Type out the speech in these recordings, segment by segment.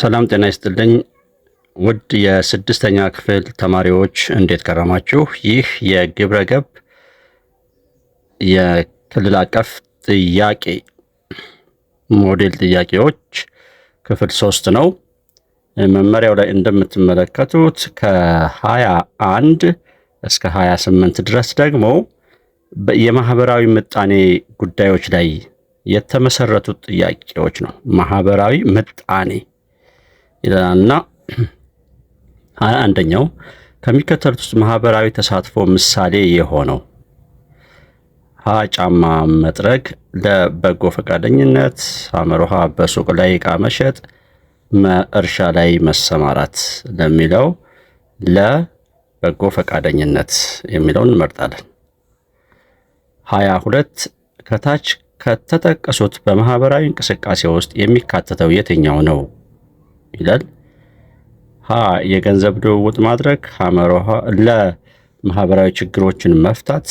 ሰላም ጤና ይስጥልኝ ውድ የስድስተኛ ክፍል ተማሪዎች እንዴት ከረማችሁ? ይህ የግብረ ገብ የክልል አቀፍ ጥያቄ ሞዴል ጥያቄዎች ክፍል ሶስት ነው። መመሪያው ላይ እንደምትመለከቱት ከሀያ አንድ እስከ ሀያ ስምንት ድረስ ደግሞ የማህበራዊ ምጣኔ ጉዳዮች ላይ የተመሰረቱት ጥያቄዎች ነው። ማህበራዊ ምጣኔ ይለናልና ሀያ አንደኛው ከሚከተሉት ውስጥ ማህበራዊ ተሳትፎ ምሳሌ የሆነው ሀ ጫማ መጥረግ፣ ለበጎ ፈቃደኝነት፣ አመሮሃ በሱቅ ላይ እቃ መሸጥ፣ እርሻ ላይ መሰማራት ለሚለው ለበጎ ፈቃደኝነት የሚለውን እንመርጣለን። ሀያ ሁለት ከታች ከተጠቀሱት በማህበራዊ እንቅስቃሴ ውስጥ የሚካተተው የትኛው ነው ይላል። ሀ የገንዘብ ልውውጥ ማድረግ፣ ሀመርሃ ለማህበራዊ ችግሮችን መፍታት፣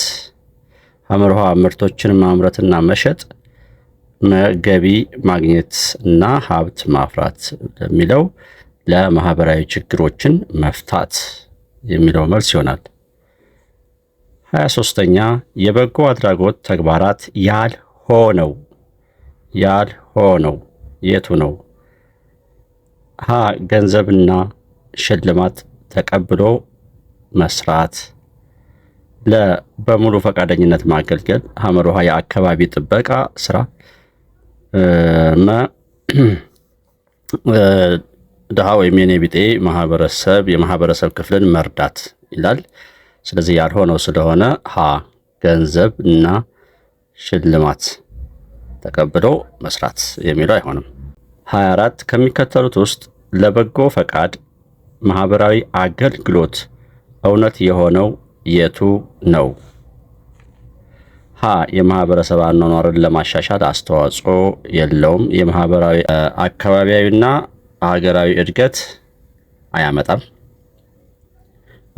ሀመርሃ ምርቶችን ማምረትና መሸጥ፣ ገቢ ማግኘት እና ሀብት ማፍራት ለሚለው ለማህበራዊ ችግሮችን መፍታት የሚለው መልስ ይሆናል። ሀያ ሶስተኛ የበጎ አድራጎት ተግባራት ያልሆነው ያልሆነው የቱ ነው? ሀ ገንዘብና ሽልማት ተቀብሎ መስራት ለ በሙሉ ፈቃደኝነት ማገልገል ሀመር ውሃ የአካባቢ ጥበቃ ስራ መ ድሃ ወይም የኔ ቢጤ ማህበረሰብ የማህበረሰብ ክፍልን መርዳት ይላል። ስለዚህ ያልሆነው ስለሆነ ሀ ገንዘብ እና ሽልማት ተቀብሎ መስራት የሚለው አይሆንም። 24 ከሚከተሉት ውስጥ ለበጎ ፈቃድ ማህበራዊ አገልግሎት እውነት የሆነው የቱ ነው? ሀ የማህበረሰብ አኗኗርን ለማሻሻል አስተዋጽኦ የለውም። የማህበራዊ አካባቢያዊና ሀገራዊ እድገት አያመጣም።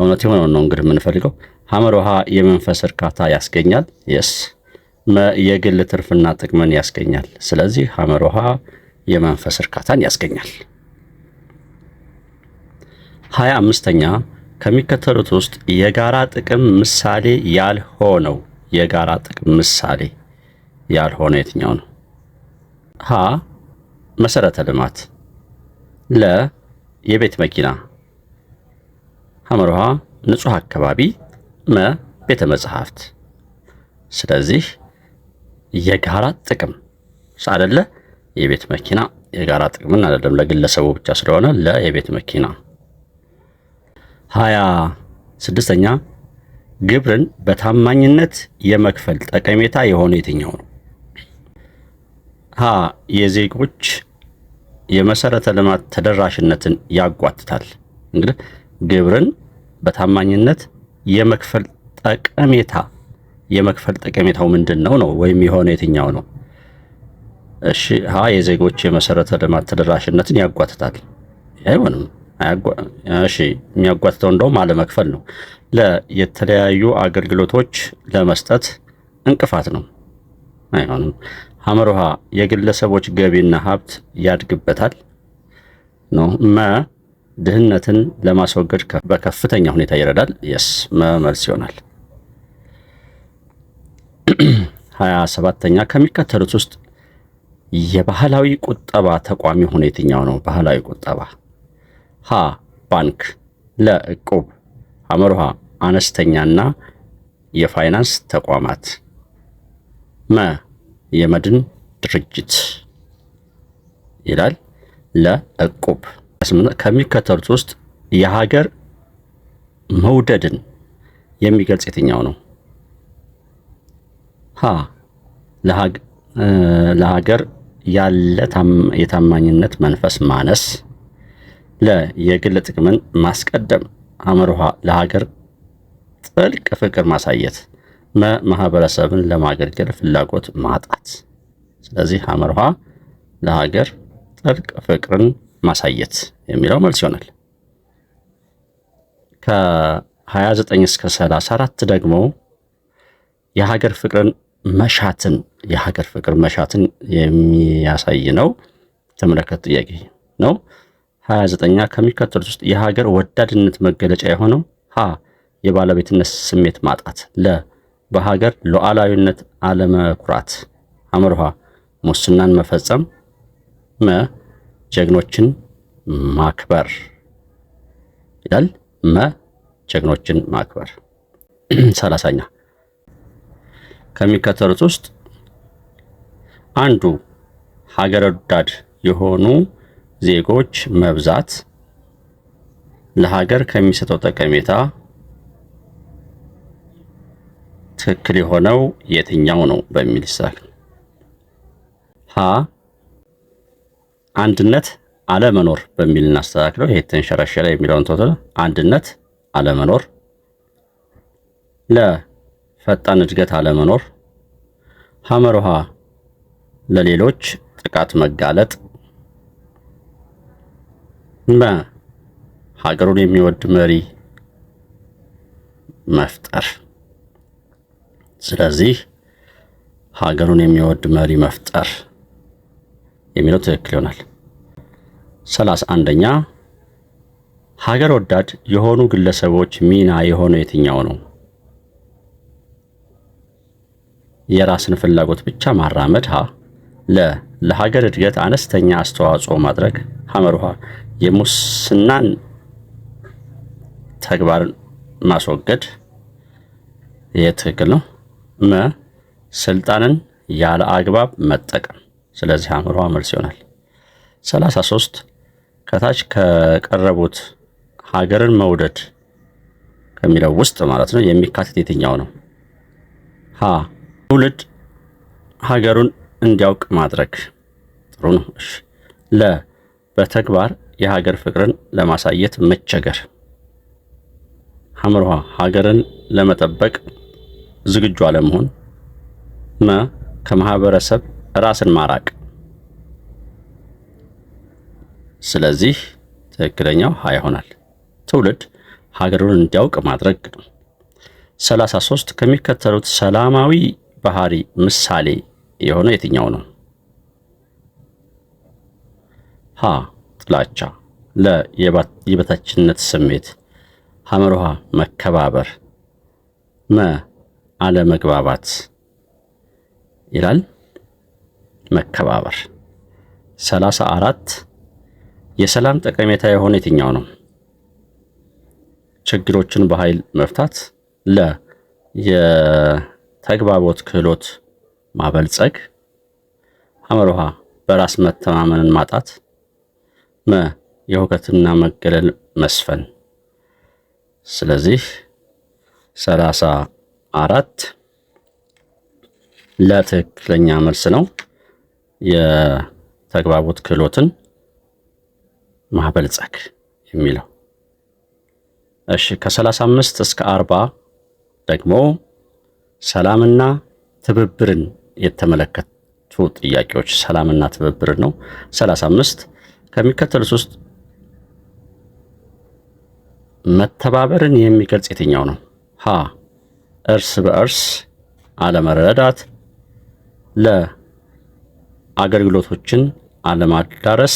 እውነት የሆነው ነው እንግዲህ የምንፈልገው። ሀመር ውሃ የመንፈስ እርካታ ያስገኛል። የስ የግል ትርፍና ጥቅምን ያስገኛል። ስለዚህ ሀመር ውሃ የመንፈስ እርካታን ያስገኛል። ሀያ አምስተኛ ከሚከተሉት ውስጥ የጋራ ጥቅም ምሳሌ ያልሆነው የጋራ ጥቅም ምሳሌ ያልሆነ የትኛው ነው? ሀ መሰረተ ልማት፣ ለ የቤት መኪና፣ ሐመርሃ ንጹህ አካባቢ፣ መ ቤተ መጽሐፍት። ስለዚህ የጋራ ጥቅም አደለ የቤት መኪና የጋራ ጥቅምን አይደለም ለግለሰቡ ብቻ ስለሆነ ለየቤት መኪና። ሀያ ስድስተኛ ግብርን በታማኝነት የመክፈል ጠቀሜታ የሆነ የትኛው ነው? ሀ የዜጎች የመሰረተ ልማት ተደራሽነትን ያጓትታል። እንግዲህ ግብርን በታማኝነት የመክፈል ጠቀሜታ የመክፈል ጠቀሜታው ምንድን ነው ነው ወይም የሆነ የትኛው ነው? እሺ ሀ የዜጎች የመሰረተ ልማት ተደራሽነትን ያጓትታል። አይሆንም። እሺ የሚያጓትተው እንደውም አለመክፈል ነው። ለ የተለያዩ አገልግሎቶች ለመስጠት እንቅፋት ነው። አይሆንም። ሐመር የግለሰቦች ገቢና ሀብት ያድግበታል ነው። መ ድህነትን ለማስወገድ በከፍተኛ ሁኔታ ይረዳል። የስ መመልስ ይሆናል። ሀያ ሰባተኛ ከሚከተሉት ውስጥ የባህላዊ ቁጠባ ተቋም የሆነ የትኛው ነው? ባህላዊ ቁጠባ ሀ ባንክ፣ ለ እቁብ፣ አመርሃ አነስተኛና የፋይናንስ ተቋማት፣ መ የመድን ድርጅት ይላል። ለ እቁብ ከሚከተሉት ውስጥ የሀገር መውደድን የሚገልጽ የትኛው ነው? ሀ ለሀገር ያለ የታማኝነት መንፈስ ማነስ፣ ለ የግል ጥቅምን ማስቀደም፣ አምርሃ ለሀገር ጥልቅ ፍቅር ማሳየት፣ መ ማህበረሰብን ለማገልገል ፍላጎት ማጣት። ስለዚህ አምርሃ ለሀገር ጥልቅ ፍቅርን ማሳየት የሚለው መልስ ይሆናል። ከ29 እስከ 34 ደግሞ የሀገር ፍቅርን መሻትን የሀገር ፍቅር መሻትን የሚያሳይ ነው። ተመለከት ጥያቄ ነው። ሀያ ዘጠኛ ከሚከተሉት ውስጥ የሀገር ወዳድነት መገለጫ የሆነው ሀ የባለቤትነት ስሜት ማጣት፣ ለ በሀገር ሉዓላዊነት አለመኩራት፣ አምርሃ ሙስናን መፈጸም፣ መ ጀግኖችን ማክበር ይላል። መ ጀግኖችን ማክበር ሰላሳኛ ከሚከተሉት ውስጥ አንዱ ሀገር ወዳድ የሆኑ ዜጎች መብዛት ለሀገር ከሚሰጠው ጠቀሜታ ትክክል የሆነው የትኛው ነው በሚል ይስተካከል። ሀ አንድነት አለመኖር በሚል እናስተካክለው። ይሄ ተንሸራሸረ የሚለውን ቶታል አንድነት አለመኖር ለ ፈጣን እድገት አለመኖር፣ ሐመር ውሃ ለሌሎች ጥቃት መጋለጥ፣ መ ሀገሩን የሚወድ መሪ መፍጠር። ስለዚህ ሀገሩን የሚወድ መሪ መፍጠር የሚለው ትክክል ይሆናል። ሰላሳ አንደኛ ሀገር ወዳድ የሆኑ ግለሰቦች ሚና የሆነው የትኛው ነው? የራስን ፍላጎት ብቻ ማራመድ፣ ሀ ለ ለሀገር እድገት አነስተኛ አስተዋጽኦ ማድረግ፣ ሐመር ውሃ የሙስናን ተግባር ማስወገድ ትክክል ነው። መ ስልጣንን ያለ አግባብ መጠቀም። ስለዚህ ሐመር መልስ ይሆናል። ሰላሳ ከታች ከቀረቡት ሀገርን መውደድ ከሚለው ውስጥ ማለት ነው የሚካተት የትኛው ነው? ሀ ትውልድ ሀገሩን እንዲያውቅ ማድረግ ጥሩ ነው። ለ በተግባር የሀገር ፍቅርን ለማሳየት መቸገር። ሐምርሃ ሀገርን ለመጠበቅ ዝግጁ አለመሆን። መ ከማህበረሰብ ራስን ማራቅ። ስለዚህ ትክክለኛው ሀ ይሆናል። ትውልድ ሀገሩን እንዲያውቅ ማድረግ ነው። ሰላሳ ሶስት ከሚከተሉት ሰላማዊ ባህሪ ምሳሌ የሆነው የትኛው ነው? ሀ ጥላቻ፣ ለ የበታችነት ስሜት፣ ሐመርሃ መከባበር፣ መ አለመግባባት ይላል። መከባበር። ሰላሳ አራት የሰላም ጠቀሜታ የሆነ የትኛው ነው? ችግሮችን በኃይል መፍታት ለ ተግባቦት ክህሎት ማበልጸግ ሐመርሃ በራስ መተማመንን ማጣት መ የሁከትና መገለል መስፈን። ስለዚህ ሰላሳ አራት ለትክክለኛ መልስ ነው። የተግባቦት ክህሎትን ማበልጸግ የሚለው እሺ። ከሰላሳ አምስት እስከ አርባ ደግሞ ሰላምና ትብብርን የተመለከቱ ጥያቄዎች ሰላምና ትብብርን ነው። 35 ከሚከተሉት ውስጥ መተባበርን የሚገልጽ የትኛው ነው? ሀ እርስ በእርስ አለመረዳት፣ ለ አገልግሎቶችን አለማዳረስ፣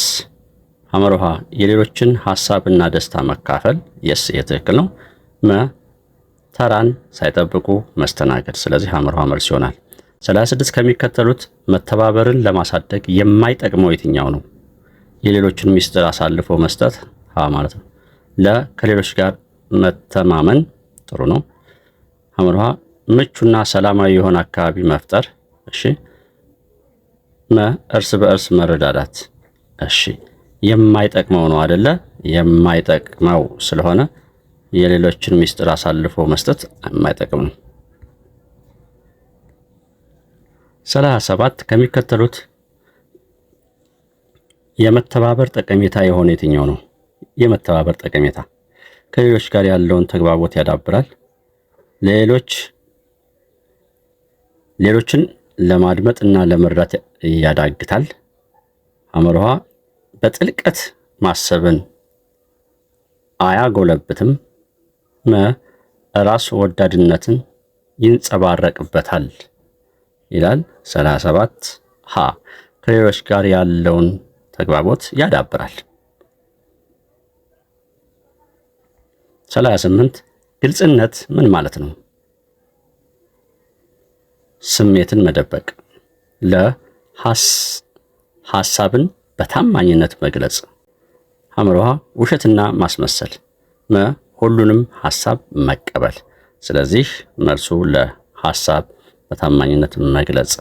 ሐመር ውሃ የሌሎችን ሀሳብና ደስታ መካፈል የስ የትክክል ነው። መ ተራን ሳይጠብቁ መስተናገድ። ስለዚህ ሀመርሃ መልስ ይሆናል። 36 ከሚከተሉት መተባበርን ለማሳደግ የማይጠቅመው የትኛው ነው? የሌሎችን ሚስጥር አሳልፎ መስጠት ሀ ማለት ነው። ለ ከሌሎች ጋር መተማመን ጥሩ ነው። ሀመርሃ ምቹና ሰላማዊ የሆነ አካባቢ መፍጠር። እሺ መ እርስ በእርስ መረዳዳት። እሺ የማይጠቅመው ነው አደለ? የማይጠቅመው ስለሆነ የሌሎችን ሚስጥር አሳልፎ መስጠት የማይጠቅም ነው። ሰላሳ ሰባት ከሚከተሉት የመተባበር ጠቀሜታ የሆነ የትኛው ነው? የመተባበር ጠቀሜታ ከሌሎች ጋር ያለውን ተግባቦት ያዳብራል። ሌሎች ሌሎችን ለማድመጥ እና ለመርዳት ያዳግታል። አምርሃ በጥልቀት ማሰብን አያጎለብትም። ራስ ወዳድነትን ይንጸባረቅበታል ይላል። 37 ሀ ከሌሎች ጋር ያለውን ተግባቦት ያዳብራል። 38 ግልጽነት ምን ማለት ነው? ስሜትን መደበቅ ለ ሐሳብን በታማኝነት መግለጽ ሐመርሃ ውሸትና ማስመሰል መ ሁሉንም ሀሳብ መቀበል። ስለዚህ መልሱ ለሀሳብ በታማኝነት መግለጽ።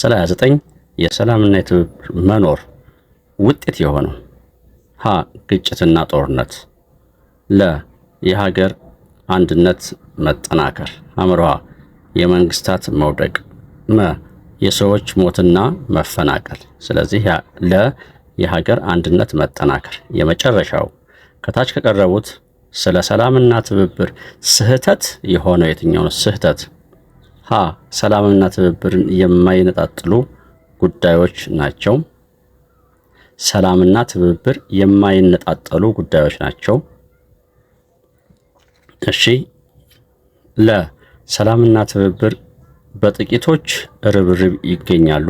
ስለ 29 የሰላምና የትብብር መኖር ውጤት የሆነው ሀ ግጭትና ጦርነት ለ የሀገር አንድነት መጠናከር አምርሃ የመንግስታት መውደቅ መ የሰዎች ሞትና መፈናቀል። ስለዚህ ለ የሀገር አንድነት መጠናከር የመጨረሻው ከታች ከቀረቡት ስለ ሰላምና ትብብር ስህተት የሆነው የትኛው ነው? ስህተት ሀ ሰላምና ትብብርን የማይነጣጥሉ ጉዳዮች ናቸው። ሰላምና ትብብር የማይነጣጠሉ ጉዳዮች ናቸው። እሺ ለ ሰላምና ትብብር በጥቂቶች ርብርብ ይገኛሉ።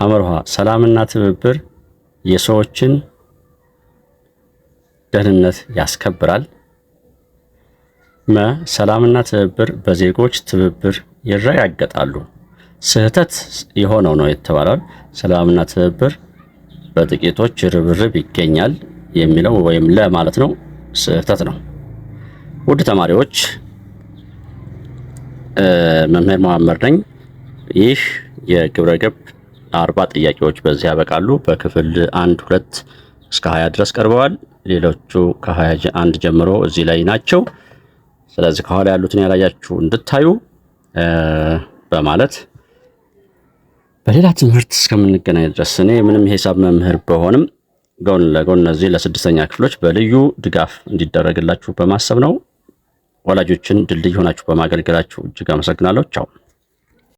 ሐመርሃ ሰላምና ትብብር የሰዎችን ደህንነት ያስከብራል። መ ሰላምና ትብብር በዜጎች ትብብር ይረጋገጣሉ። ስህተት የሆነው ነው የተባለው ሰላምና ትብብር በጥቂቶች ርብርብ ይገኛል የሚለው ወይም ለማለት ነው ስህተት ነው። ውድ ተማሪዎች መምህር መሐመድ ነኝ። ይህ የግብረ ገብ አርባ ጥያቄዎች በዚህ ያበቃሉ። በክፍል አንድ ሁለት እስከ 20 ድረስ ቀርበዋል። ሌሎቹ ከ21 ጀምሮ እዚህ ላይ ናቸው። ስለዚህ ከኋላ ያሉትን ያላያችሁ እንድታዩ በማለት በሌላ ትምህርት እስከምንገናኝ ድረስ እኔ ምንም የሂሳብ መምህር በሆንም ጎን ለጎን እነዚህ ለስድስተኛ ክፍሎች በልዩ ድጋፍ እንዲደረግላችሁ በማሰብ ነው። ወላጆችን ድልድይ ሆናችሁ በማገልገላችሁ እጅግ አመሰግናለሁ። ቻው